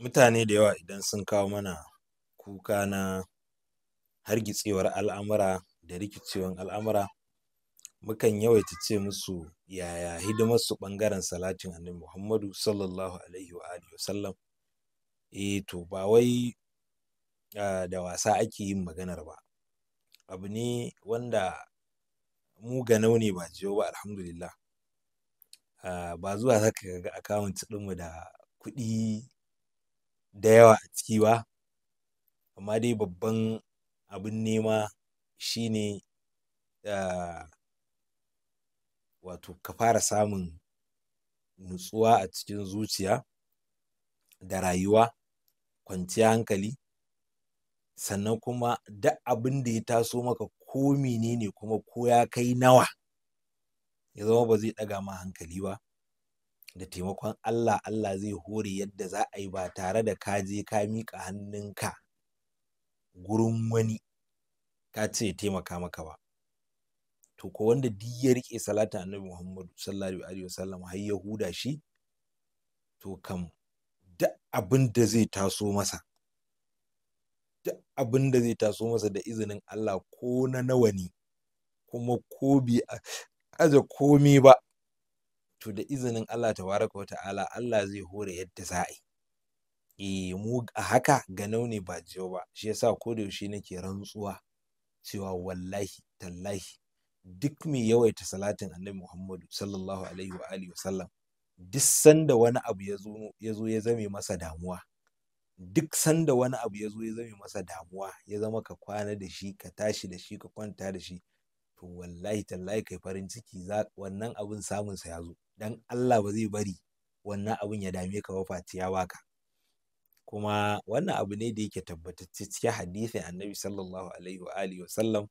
mutane da yawa idan sun kawo mana kuka na hargitsewar al'amura da rikicewar al'amura mukan yawaita ce musu yaya hidimar su bangaren salatin annabi Muhammadu sallallahu alaihi wa alihi wasallam eh to ba wai da wasa ake yin maganar ba abu ne wanda mu ga ne ba jiyo ba alhamdulillah ba zuwa zaka ga account ɗinmu da kuɗi da yawa a ciki ba amma dai babban abin nema shine ne ah, wato ka fara samun nutsuwa a cikin zuciya da rayuwa kwanciya hankali sannan kuma duk abin da ya taso maka ko menene kuma ko ya kai nawa ya zama ba zai ɗaga ma hankali ba da taimakon Allah Allah zai hore yadda za a yi ba tare da ka je ka miƙa hannunka gurin wani ka ce taimaka maka ba to ko wanda duk ya riƙe salata annabi Muhammadu sallallahu alaihi wasallam har ya huda shi to kam duk abin da zai taso masa duk abin da zai taso masa da izinin Allah ko na nawa ne kuma ko bi aje komai ba to da izinin Allah ta baraka wa ta'ala Allah zai hore yadda za a yi eh, mu a haka ganau ne ba jiyo ba shi yasa ko da yaushe nake rantsuwa cewa wallahi tallahi duk mai yawaita salatin annabi Muhammadu sallallahu alaihi wa alihi wasallam duk sanda wani abu ya zo ya zame masa damuwa duk sanda wani abu ya zo ya zame masa damuwa ya zama ka kwana da shi ka tashi da shi ka kwanta da shi to wallahi tallahi kai farin ciki wannan abin samun sa ya zo dan Allah ba zai bari wannan abin ya dame ka ba fatiya waka kuma wannan abu ne da yake tabbatacce cikin hadisin annabi sallallahu alaihi wa alihi wasallam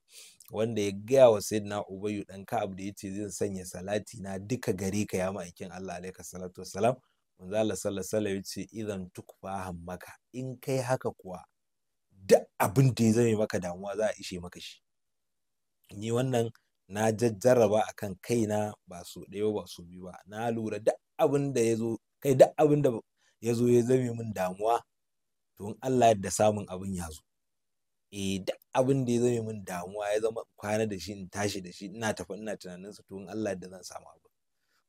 wanda ya gaya wa sayyidina ubayyu dan ka'ab da yace zan sanya salati na duka gare ka ya ma'aikin Allah alaihi salatu wasalam manzo Allah sallallahu alaihi alihi yace idan tukfa maka in kai haka kuwa duk abin da ya zame maka damuwa za a ishe maka shi ni wannan na jajjarraba a kan kaina ba su ɗaya ba su biyu ba na lura duk abin da ya zo kai duk abin da ya zo ya zame min damuwa to in Allah yadda samun abin ya zo E, duk abin da ya zame min damuwa ya zama kwana da shi in tashi da shi ina tafi ina tunanin sa to in Allah yadda zan samu abin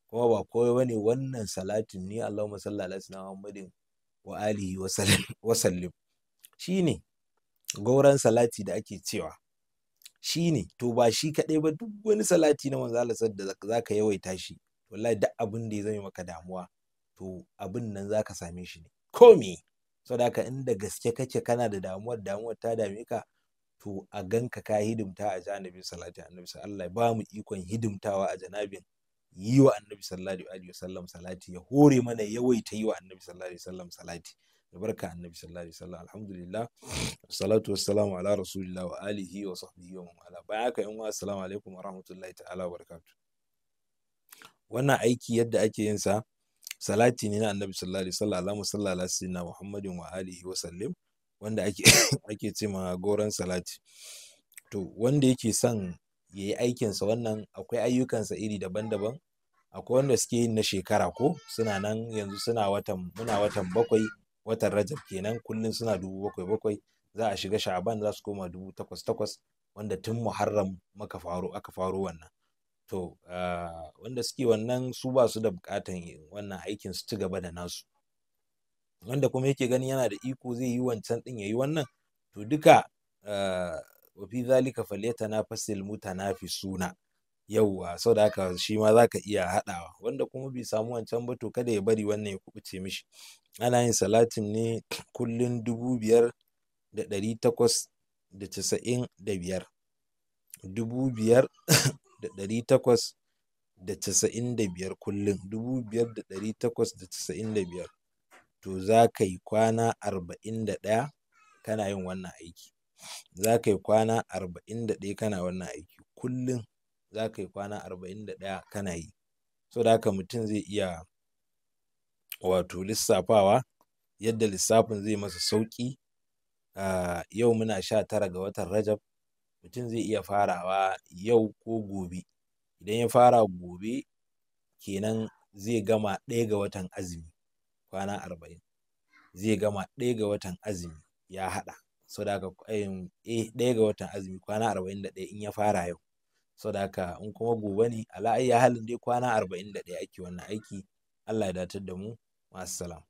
kuma ba kowa bane wannan salatin ni Allahumma salli ala sayyidina Muhammadin wa alihi wa sallim shine gauran salati da ake cewa shi ne to ba shi kaɗai ba duk wani salati na manzo Allah da za ka yawaita shi wallahi duk abin da ya zame maka damuwa to abin nan za ka same shi ne ko me saboda haka inda gaske kake kana da damuwar damuwar ta dame ka to a ganka ka hidimta a janabin salati annabi Allah ba mu ikon hidimtawa a janabin yi wa annabi sallallahu alaihi wasallam salati ya hore mana yawaita yi wa annabi sallallahu alaihi wasallam salati da barka annabi sallallahu alaihi wasallam alhamdulillah salatu wassalamu ala rasulillah wa alihi wa sahbihi wa ala bayan haka yan uwa assalamu alaikum wa rahmatullahi ta'ala wa barakatuh wannan aiki yadda ake yin sa salati ne na annabi sallallahu alaihi wasallam alamu sallallahu alaihi wasallam muhammadin wa alihi wa sallim wanda ake ake ce ma goran salati to wanda yake son yayi aikin sa wannan akwai ayyukan sa iri daban-daban akwai wanda suke yin na shekara ko suna nan yanzu suna watan muna watan bakwai watan rajab kenan kullum suna dubu bakwai bakwai za a shiga sha'aban za su koma dubu takwas takwas wanda tun muharram maka faro aka faro wannan to ah, wanda suke wannan su ba su da bukatan wannan aikin su ci gaba da nasu wanda kuma yake gani yana da iko zai yi wancan din yayi wannan to duka ah, wa fi zalika falyatanafasil mutanafisuna suna yauwa sau da haka shi ma za ka iya haɗawa wanda kuma bai samu wancan ba to kada ya bari wannan ya kubuce mishi ana yin salatin ne kullum dubu biyar da ɗari takwas da casa'in da biyar dubu biyar da ɗari takwas da casa'in da biyar kullum dubu biyar da ɗari takwas da casa'in da biyar to za ka yi kwana arba'in da ɗaya kana yin wannan aiki za ka yi kwana arba'in da ɗaya kana wannan aiki kullum za ka yi kwana arba'in da ɗaya kana yi so da haka mutum zai iya wato lissafawa yadda lissafin zai masa sauƙi uh, yau muna sha tara ga watan rajab mutum zai iya farawa yau ko gobe idan ya fara gobe kenan zai gama ɗaya ga watan azumi kwana arba'in zai gama ɗaya ga watan azumi ya haɗa so da haka eh, ɗaya ga watan azumi kwana arba'in da ɗaya in ya fara yau sadaka haka in kuma gobe ne ala ayya halin dai kwana arba'in da 41 ake wannan aiki Allah ya datar da mu ma'assalam